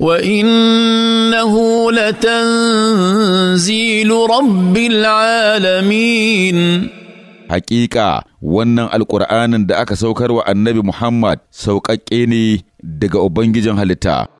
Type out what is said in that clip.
وانه لتنزيل رب العالمين Haƙiƙa, wannan Alƙur'anin da aka saukar wa annabi Muhammad sauƙaƙe ne daga Ubangijin halitta.